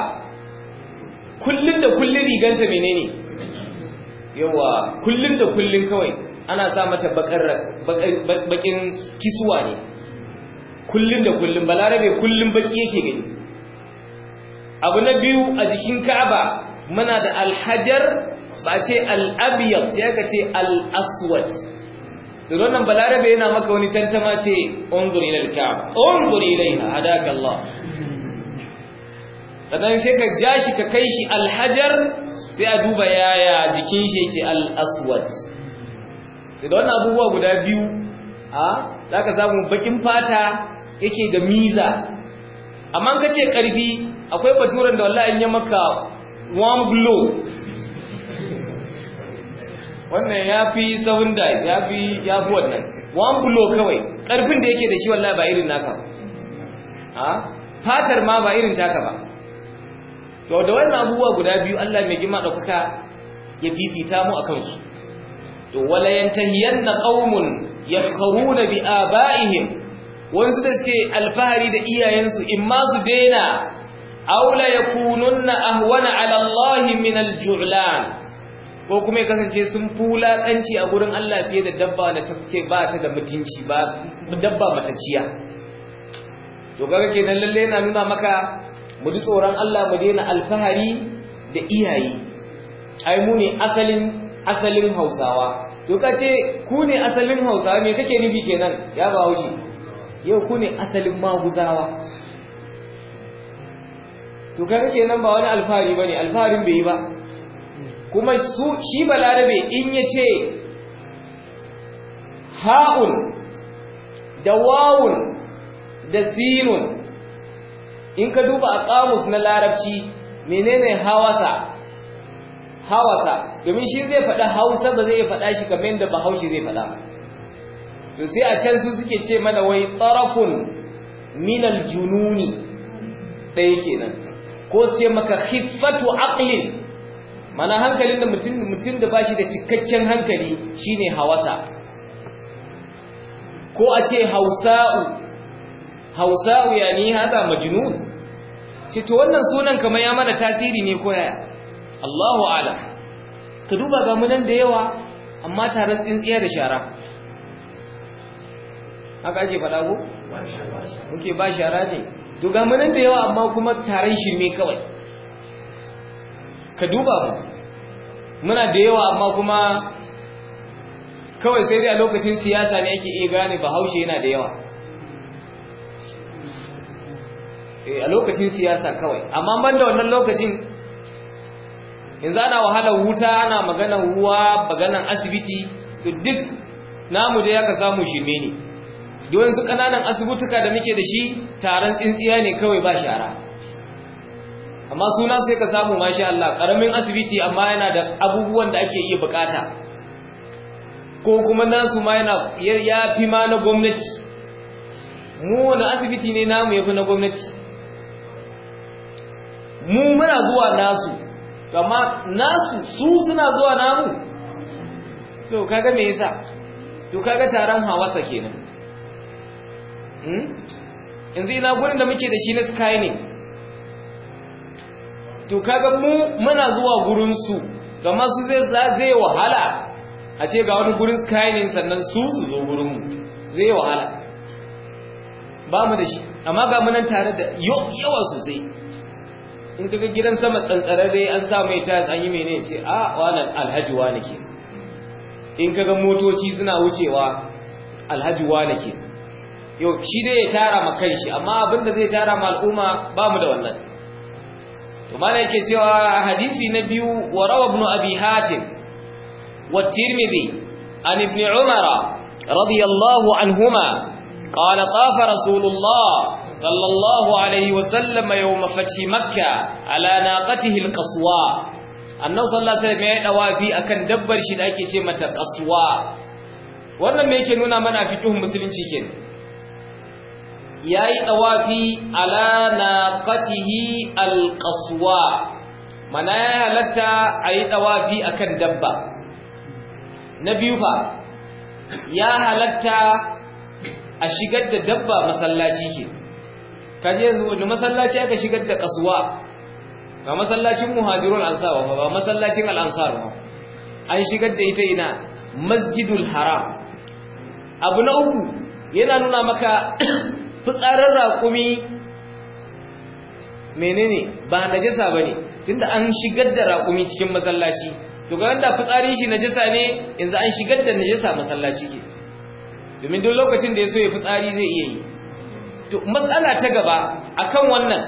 kullum da kullum riganta menene yawa kullum da kullum kawai ana za mata bakin kisuwa ne kullum da kullum balarabe kullum baki yake gani abu na biyu a jikin ka'aba muna da alhajar ba ce al'abiyar sai aka ce al'aswad da wannan balarabe yana maka wani tantama ce unzur ilal ka'aba unzur ilaiha hadaka Allah sannan sai ka ja shi ka kai shi alhajar sai a duba yaya jikin shi yake al'aswad da wannan abubuwa guda biyu a za ka samu bakin fata yake da miza amma ka ce karfi akwai baturan da wallahi ya maka warm glow wannan ya fi seven dice ya fi ya fi wannan warm glow kawai karfin da yake da shi wallahi ba irin naka ba fatar ma ba irin taka ba to da wannan abubuwa guda biyu Allah mai girma kuka ya fifita mu a kansu to wala yantahiyanna qaumun yakhruna bi abaihim wansu da suke alfahari da iyayensu in ma su daina aula yakununna ahwana ala Allah min aljulan ko kuma ya kasance sun fula kanci a gurin Allah fiye da dabba da take ba ta da mutunci ba dabba mataciya to kaga kenan lalle yana nuna maka mu ji tsoron Allah mu daina alfahari da iyaye ai mu ne asalin asalin Hausawa to kace ku ne asalin Hausawa me kake nufi kenan ya ba haushi yau ku ne asalin maguzawa to kaga kenan ba wani alfahari bane alfaharin bai yi ba kuma su shi balarabe in ya ce, ha'un da wawun da sinun in ka duba a kamus na larabci menene hawasa hawasa domin shi zai faɗa hausa ba zai faɗa shi kamar yadda bahaushe zai faɗa to sai a can su suke ce mana wai tsarafun minal jununi ɗaya kenan ko sai maka hiffatu aqlin mana hankalin da mutum mutum da bashi da cikakken hankali shine hawasa ko a ce hausa'u hausa'u yani hada majnun ce to wannan sunan kamar ya mana tasiri ne ko yaya Allahu ala. ka duba ga mu nan da yawa amma taron tsintsiya da shara haka ake faɗa ko muke ba shara ne to ga mu nan da yawa amma kuma taron shirme kawai ka duba mu muna da yawa amma kuma kawai sai dai a lokacin siyasa ne ake iya gane bahaushe yana da yawa Eh, a lokacin siyasa kawai amma ban da wannan lokacin yanzu ana wahalar wuta ana maganar ruwa maganar asibiti to duk namu da aka samu shirme ne don su kananan asibutuka da muke da shi taron tsintsiya ne kawai ba shara amma suna sai ka samu mashi Allah karamin asibiti amma yana da abubuwan da ake iya bukata ko kuma nasu ma yana ya fi ma na gwamnati mu wani asibiti ne namu ya fi na gwamnati mu muna zuwa nasu amma nasu su suna zuwa namu to kaga me yasa to kaga taron hawasa kenan hmm? yanzu ina gurin da muke da shi na sky ne to kaga mu muna zuwa gurin su amma su zai zai wahala a ce ga wani gurin sky ne sannan su su zo gurin mu zai wahala ba mu da shi amma ga munan tare da yawa sosai in gidan sama dai an sa mai tayas an yi menene ce a ah, wannan alhaji wani in kaga motoci suna wucewa alhaji wani yau shi dai ya tara ma shi, amma abin da zai tara ma al'umma ba mu da wannan to mana yake cewa hadisi na biyu wa rawa ibn abi hatim wa tirmidhi an ibn umara radiyallahu anhuma qala ƙafa rasulullah صلى الله عليه وسلم يوم فتح مكة على ناقته القصواء annabi sallallahu alaihi wasallam ya dawafi akan dabbar shi da ake ce mata qaswa wannan me yake nuna mana fiqhun musulunci kenan yayi dawafi ala naqatihi alqaswa mana ya halatta ayi dawafi akan dabba na biyu fa ya halatta a shigar da dabba masallaci ke kaji yanzu wani masallaci aka shigar da kasuwa ba masallacin muhajirun ansar ba ba masallacin al'ansar ba an shigar da ita ina masjidul haram abu na uku yana nuna maka fitsarin raƙumi menene ba najasa bane tunda an shigar da raƙumi cikin masallaci to ga wanda fitsarin shi najasa ne yanzu an shigar da najasa masallaci ke domin duk lokacin da ya so ya fitsari zai iya yi to matsala ta gaba akan wannan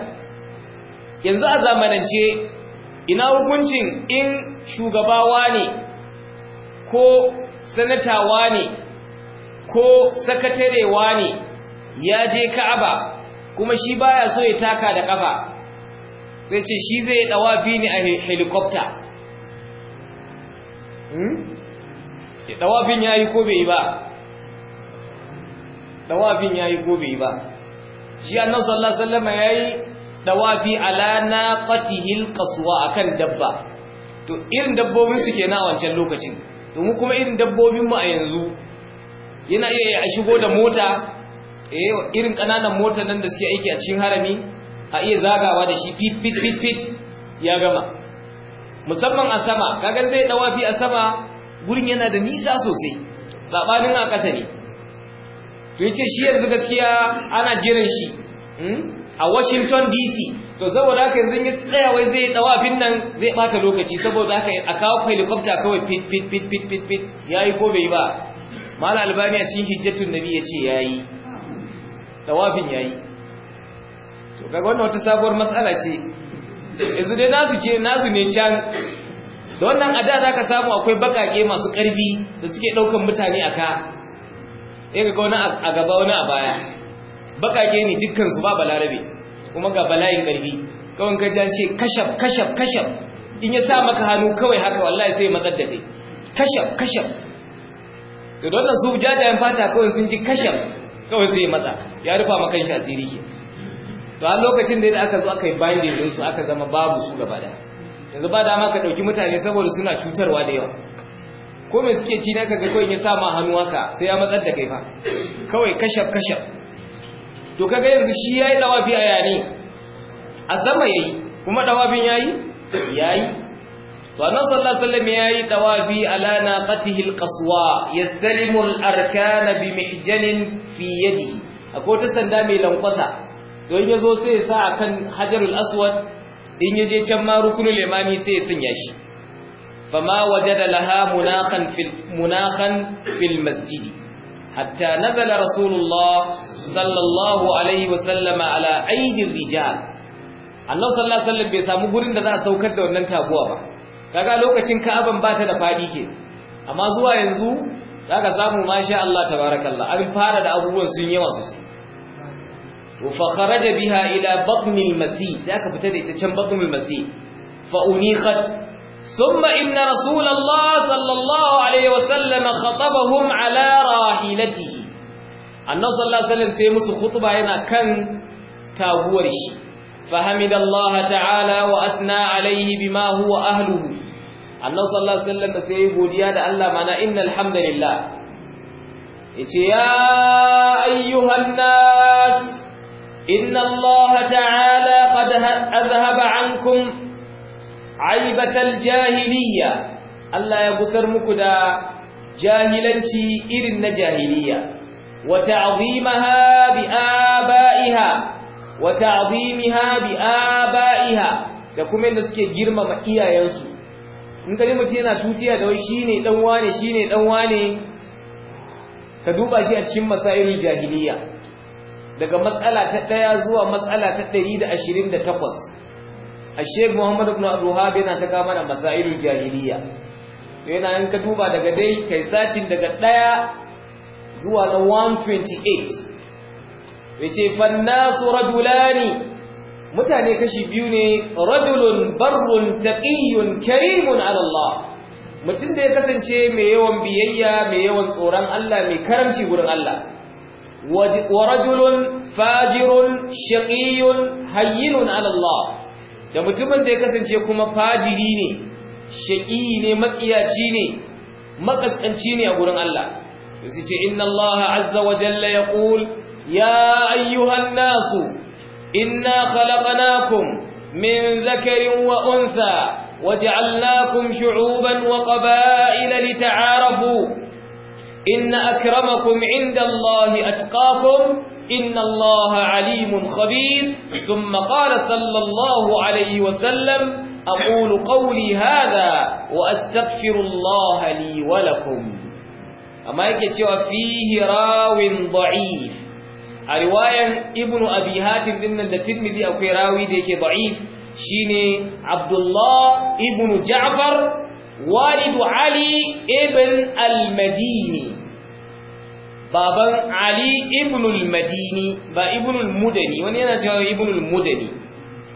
yanzu a zamanance ina hukuncin in shugabawa ne ko sanatawa ne ko sakatarewa ne ya je ka'aba kuma shi baya so ya taka da kafa sai ce shi zai dawafi ne a helicopter dawafin hmm? ya yi ko bai ba dawafin ya yi ko bai ba shi annabi sallallahu alaihi wasallam yayi dawafi ala naqatihi qaswa akan dabba to irin dabbobin su kenan a wancan lokacin to mu kuma irin dabbobin mu a yanzu yana iya a shigo da mota eh irin kananan motar nan da suke aiki a cikin harami a iya zagawa da shi pit-pit-pit pit ya gama musamman a sama kaga zai dawafi a sama gurin yana da nisa sosai sabanin a ƙasa ne to yace shi yanzu gaskiya ana jiran shi hmm, a Washington DC to saboda haka yanzu ya tsaya wai zai dawa abin nan zai bata lokaci saboda haka a kawo helicopter kawai fit fit fit fit fit fit yayi ko bai ba mala albani a cikin hijjatun nabi yace yayi ya yayi to kaga wannan wata sabuwar matsala ce yanzu dai nasu ce nasu ne can da wannan za ka samu akwai bakake masu karfi da suke daukan mutane aka sai ka ga a gaba wani a baya bakake ne dukkan su ba balarabe kuma ga bala'in karfi kawai ka ji an ce kashaf kashaf kashaf in ya sa maka hannu kawai haka wallahi sai matsar da kai kashaf kashaf Da don su jajayen fata kawai sun ji kashaf kawai sai matsa ya rufa maka shi a tsiri ke to a lokacin da aka zo aka yi bandage su aka zama babu su gaba da yanzu ba dama ka dauki mutane saboda suna cutarwa da yawa ko me suke ci naka ga kawai ya sa ma hannu haka sai ya matsar da kai fa kawai kashaf kashaf to kaga yanzu shi yayi dawafi a yane a sama yayi kuma dawafin yayi yayi to annabi sallallahu alaihi wasallam yayi dawafi ala naqatihi alqaswa yastalimu alarkana bi mihjalin fi yadihi akwai ta sanda mai lankwasa don yazo sai ya sa akan hajarul aswad in yaje can ma rukunul imani sai ya sanya shi فما وجد لها مناخا في, مناخا في المسجد حتى نزل رسول الله صلى الله عليه وسلم على الرجال annabi sallallahu alaihi wasallam bai samu gurin da za a saukar da wannan taguwa ba kaga lokacin ka'aban ba ta da fadi ke amma zuwa yanzu zaka samu masha Allah tabarakallah abin fara da abubuwan sun yawa sosai wa fa kharaja biha ila batn al-masih sai aka fita da ita can batn al-masih fa unikhat ثم إن رسول الله صلى الله عليه وسلم خطبهم على راحلته النبي صلى الله عليه وسلم سيمس خطبة هنا كان تابورش فحمد الله تعالى وأثنى عليه بما هو أهله النبي صلى الله عليه وسلم سيبو ديادة الله معنا إن الحمد لله يا أيها الناس إن الله تعالى قد أذهب عنكم aibatal jahiliya Allah ya gusar muku da jahilanci irin na jahiliya wa ta'zimaha bi abaiha wa ta'zimiha bi abaiha da kuma inda suke girmama iyayensu in ka mutum yana tutiya da wai shine dan shi ne, dan wane ka duba shi a cikin masailul jahiliya daga matsala ta ɗaya zuwa matsala ta ɗari da da takwas. Sheikh Muhammad ibn Abdul yana saka mana masailul jahiliya to yana in ka duba daga dai kai sacin daga ɗaya zuwa na 128 yace fannasu rajulani mutane kashi biyu ne rajulun barrun taqiyyun karimun ala Allah mutum da ya kasance mai yawan biyayya mai yawan tsoron Allah mai karamci gurin Allah wa rajulun fajirun shaqiyyun hayyinun ala Allah da mutumin da ya kasance kuma fajiri ne shaƙi ne matsiyaci ne makaskanci ne a gurin Allah sai ce inna Allah azza wa jalla yaqul ya ayyuhan nasu inna khalaqnakum min dhakarin wa untha shu'uban شعوبا وقبائل لتعارفوا إن أكرمكم عند الله أتقاكم إن الله عليم خبير ثم قال صلى الله عليه وسلم أقول قولي هذا وأستغفر الله لي ولكم أما يكتوى فيه راو ضعيف الرواية ابن أبي هاتم إن الترمذي أو راوي ديك ضعيف شيني عبد الله ابن جعفر والد علي ابن المديني baban Ali ibnul Madini ba ibnul Mudani wani yana cewa ibnul Mudani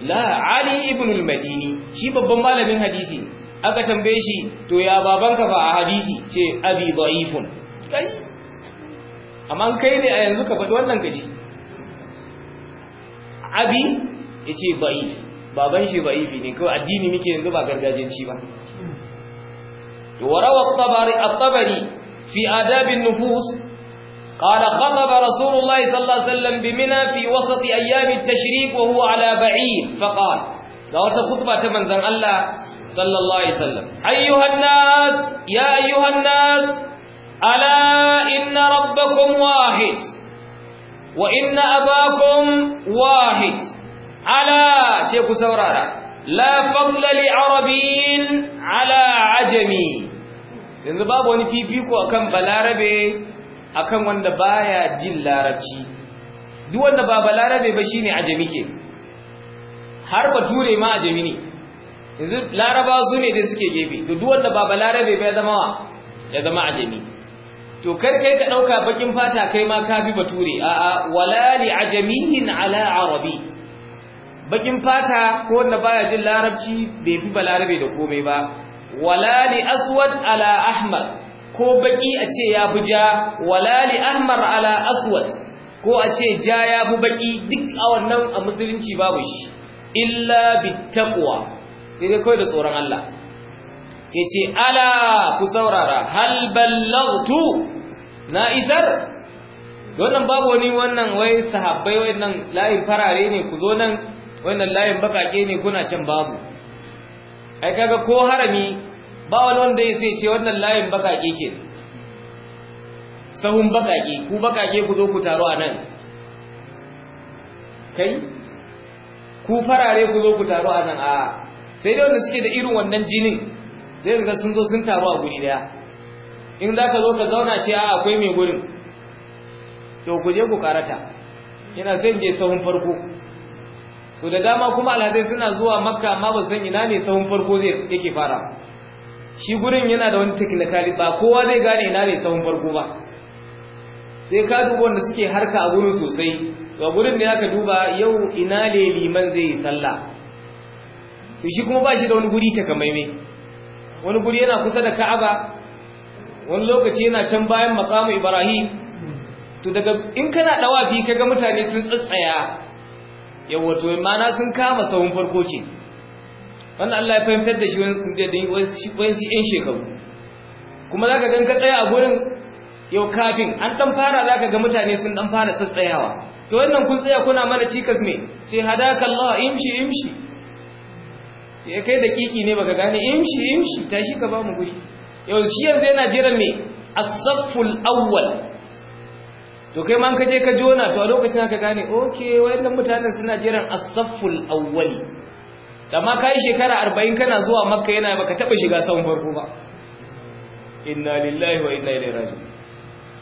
la Ali ibnul Madini shi babban malamin hadisi aka tambaye shi to ya babanka ba a hadisi ce abi dhaifun kai amma kai ne a yanzu ka faɗi wannan gaji abi yace dhaif baban shi dhaifi ne kawai addini muke yanzu ba gargajiyanci ba to warawa at-tabari at-tabari fi adabin nufus قال خطب رسول الله صلى الله عليه وسلم بمنى في وسط أيام التشريق وهو على بعيد فقال دورت خطبة من ذن الله صلى الله عليه وسلم أيها الناس يا أيها الناس ألا إن ربكم واحد وإن أباكم واحد ألا شيخ سورارا لا فضل لعربي على عجمي yanzu babu wani fifiko akan balarabe akan wanda baya jin larabci duk wanda ba balarabe ba shine ajami ke har bature ma ajami ne yanzu laraba su ne da suke gefe to duk wanda ba balarabe ba ya zama ya zama ajami to kar kai ka dauka bakin fata kai ma kafi bature a a wala li ajamiyin ala arabi bakin fata ko wanda baya jin larabci bai fi balarabe da komai ba wala li aswad ala Ahmad. ko baki a ce ya fi ja Walali ahmar ala aswad ko a ce ja ya fi baki duk a wannan a musulunci babu shi illa taqwa sai dai kawai da tsoron Allah yace ala ku saurara hal ballagtu na isar wannan babu wani wannan wai sahabbai wannan layin farare ne ku zo nan wannan layin bakake ne kuna can babu ai kaga ko harami ba wani wanda ya sai ce wannan layin bakake ke sahun bakake ku bakake ku zo ku taro a nan kai ku farare ku zo ku taro a nan a sai dai wanda suke da irin wannan jinin zai riga sun zo sun taro a guri daya in za ka zo ka zauna ce a akwai mai gurin to ku je ku karata yana sai je sahun farko so da dama kuma alhazai suna zuwa makka ma ba san ina ne sahun farko zai yake fara shi gurin yana da wani technicality ba kowa zai gane ina ne tsawon farko ba sai ka duba wanda suke harka a gurin sosai ga gurin ne aka duba yau ina ne liman zai yi sallah to shi kuma ba shi da wani guri takamaimai wani guri yana kusa da ka'aba wani lokaci yana can bayan makamu ibrahim to daga in kana dawafi kaga mutane sun tsatsaya yawa to mana sun kama tsawon farko ce wannan Allah ya fahimtar da shi wani yan shekaru kuma za ka gan ka tsaya a gurin yau kafin an ɗan fara za ka ga mutane sun ɗan fara tsayawa. to wannan kun tsaya kuna mana cikas ne ce hadaka Allah imshi imshi ce kai da kiki ne baka gane imshi imshi tashi ka ba mu guri yau shi yanzu yana jiran me as-safful awwal to kai ma an kaje ka jona to a lokacin ka gane okay wayannan mutanen suna jiran as al awwali amma kai shekara 40 kana zuwa makka yana baka taba shiga san farko ba inna lillahi wa inna ilaihi raji'un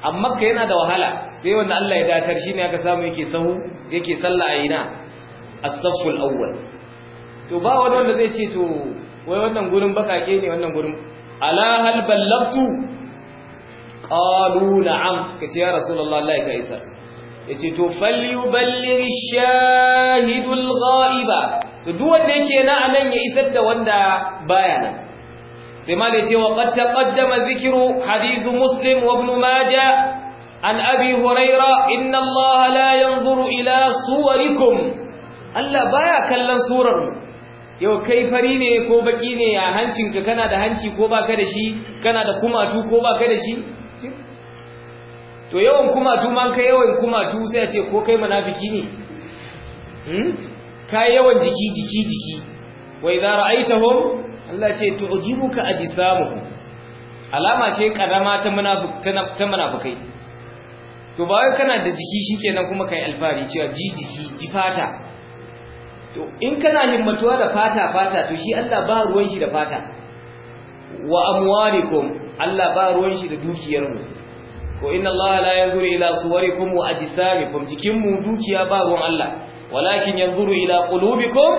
amma makka yana da wahala sai wanda Allah ya datar shine aka samu yake sahu yake sallah a ina as-safful awwal to ba wani wanda zai ce to wai wannan gurin bakake ne wannan gurin ala hal ballagtu qalu na'am kace ya rasulullahi Allah ya isa yace to falyuballigh ash-shahidul ghaiba to duk wanda yake na anan ya isar da wanda baya nan sai ma da cewa qad taqaddama zikru hadith muslim wa ibn majah an abi huraira inna allaha la yanzuru ila suwarikum Allah baya kallon surar yau kai fari ne ko baki ne a hancinka kana da hanci ko baka da shi kana da kumatu ko baka da shi to yawan kumatu man kai yawan kumatu sai a ce ko kai munafiki ne hmm? kai yawan jiki jiki jiki wa idza ra'aitahum Allah ce to aji samu. alama ce karama ta munafikai ta munafikai to ba wai kana da jiki shikenan kuma kai alfari cewa ji jiki ji fata to in kana himmatuwa da fata fata to shi Allah ba ruwan shi da fata wa amwalikum Allah ba ruwan shi da dukiyarmu ko inna Allah la yanzuru ila suwarikum wa ajsamikum jikinmu dukiya ba ruwan Allah walakin yanzuru ila qulubikum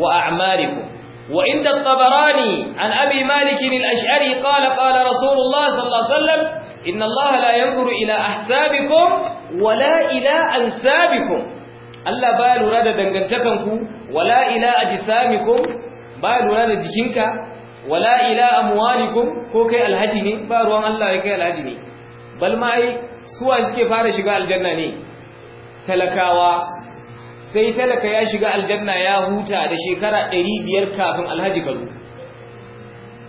wa a'malikum وعند الطبراني عن أبي مالك الأشعري قال قال رسول الله صلى الله عليه وسلم إن الله لا ينظر إلى أحسابكم ولا إلى أنسابكم Allah baya lura da dangantakanku wala ila ajsamikum baya lura da jikinka wala ila amwalikum ko kai alhaji ne ba ruwan Allah ya kai alhaji ne bal ma suke fara shiga aljanna ne talakawa sai talaka ya shiga aljanna ya huta da shekara 500 kafin alhaji ka zo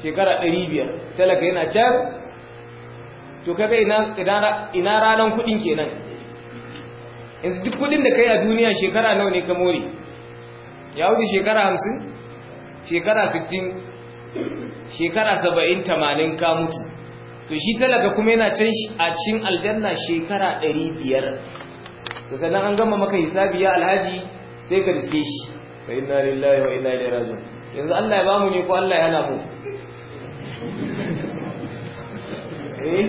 shekara 500 talaka yana can to kaga ina ina ranan kudin kenan yanzu duk kudin da kai a duniya shekara nawa ne ka more ya wuce shekara 50 shekara 60 shekara 70 80 ka mutu to shi talaka kuma yana can a cikin aljanna shekara 500 to sannan an gama maka hisabi ya alhaji sai ka riske shi fa inna lillahi wa inna ilaihi raji'un yanzu Allah ya bamu ne ko Allah ya hana mu eh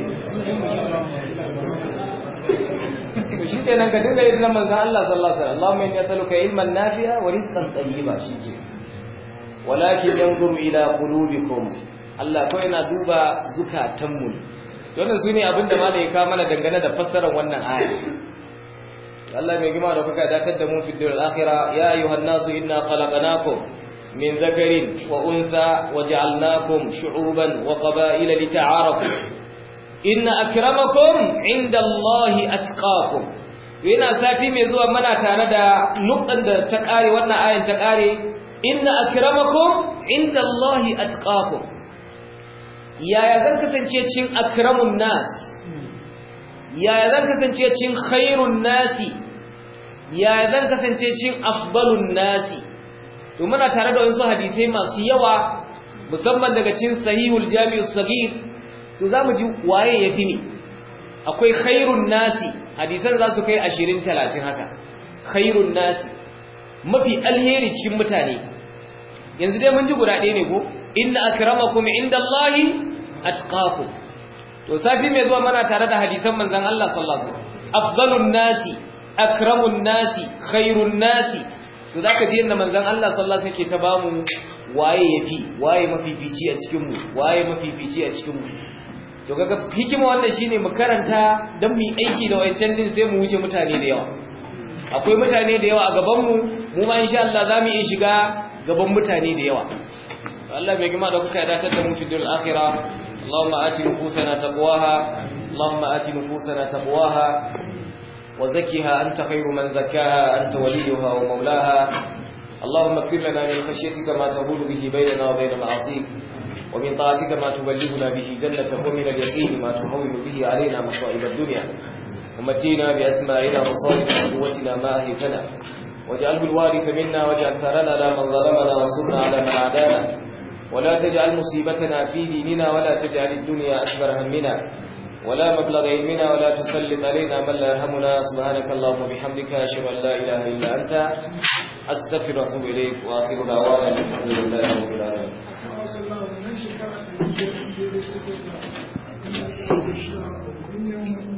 shi kenan ka dinga yin nan manzon Allah sallallahu alaihi wasallam Allahumma inni as'aluka ilman nafi'a wa rizqan tayyiba shi ke walakin yanzuru ila qulubikum Allah ko yana duba zukatanmu wannan sune abinda malai ka mana dangane da fassarar wannan aya Allah mai gima da kuka datar da mu fi dunyar akhirah ya ayyuhan nasu inna khalaqnakum min dhakarin wa untha waja'alnakum shu'uban wa qaba'ila lita'arafu inna akramakum 'inda Allahi atqakum yana sati mai zuwa mana tare da nukan da ta kare wannan ayan ta kare inna akramakum 'inda Allahi atqakum yaya zan kasance cikin akramun nas yaya zan kasance cikin khairun nasi yaya zan kasance cikin afdalun nasi to muna tare da wasu hadisai masu yawa musamman daga cikin sahihul jami'us saghir to zamu ji waye yafi ni, akwai khairun nasi hadisan za su kai 20 30 haka khairun nasi mafi alheri cikin mutane yanzu dai mun ji guda ɗaya ne ko inna akramakum indallahi atqakum to sati mai zuwa mana tare da hadisan manzon Allah sallallahu alaihi wasallam afdalun nasi akramun nasi khairun nasi to zaka ji inda manzon Allah sallallahu alaihi wasallam yake ta bamu waye yafi waye mafifici a cikin mu waye mafifici a cikin mu to kaga hikima wannan shine mu karanta dan mu yi aiki da wayancan din sai mu wuce mutane da yawa akwai mutane da yawa a gaban mu mu ma insha Allah za mu yi shiga gaban mutane da yawa Allah bai gima da kuka datar da mu fi duniya akhirah اللهم آت نفوسنا تقواها اللهم آت نفوسنا تقواها وزكها أنت خير من زكاها أنت وليها ومولاها اللهم اغفر لنا من خشيتك ما تهول به بيننا وبين معاصيك ومن طاعتك ما تبلغنا به جنتك ومن اليقين ما تهون به علينا مصائب الدنيا ومتينا بأسماعنا وصالح قوتنا ما أهيتنا واجعله الوارث منا واجعل ثارنا لا من ظلمنا وانصرنا على من عادانا ولا تجعل مصيبتنا في ديننا ولا تجعل الدنيا أكبر همنا ولا مبلغ علمنا ولا تسلط علينا من لا يرحمنا سبحانك اللهم وبحمدك أشهد أن لا إله إلا أنت أستغفر وأتوب إليك وآخر دعوانا الحمد لله رب العالمين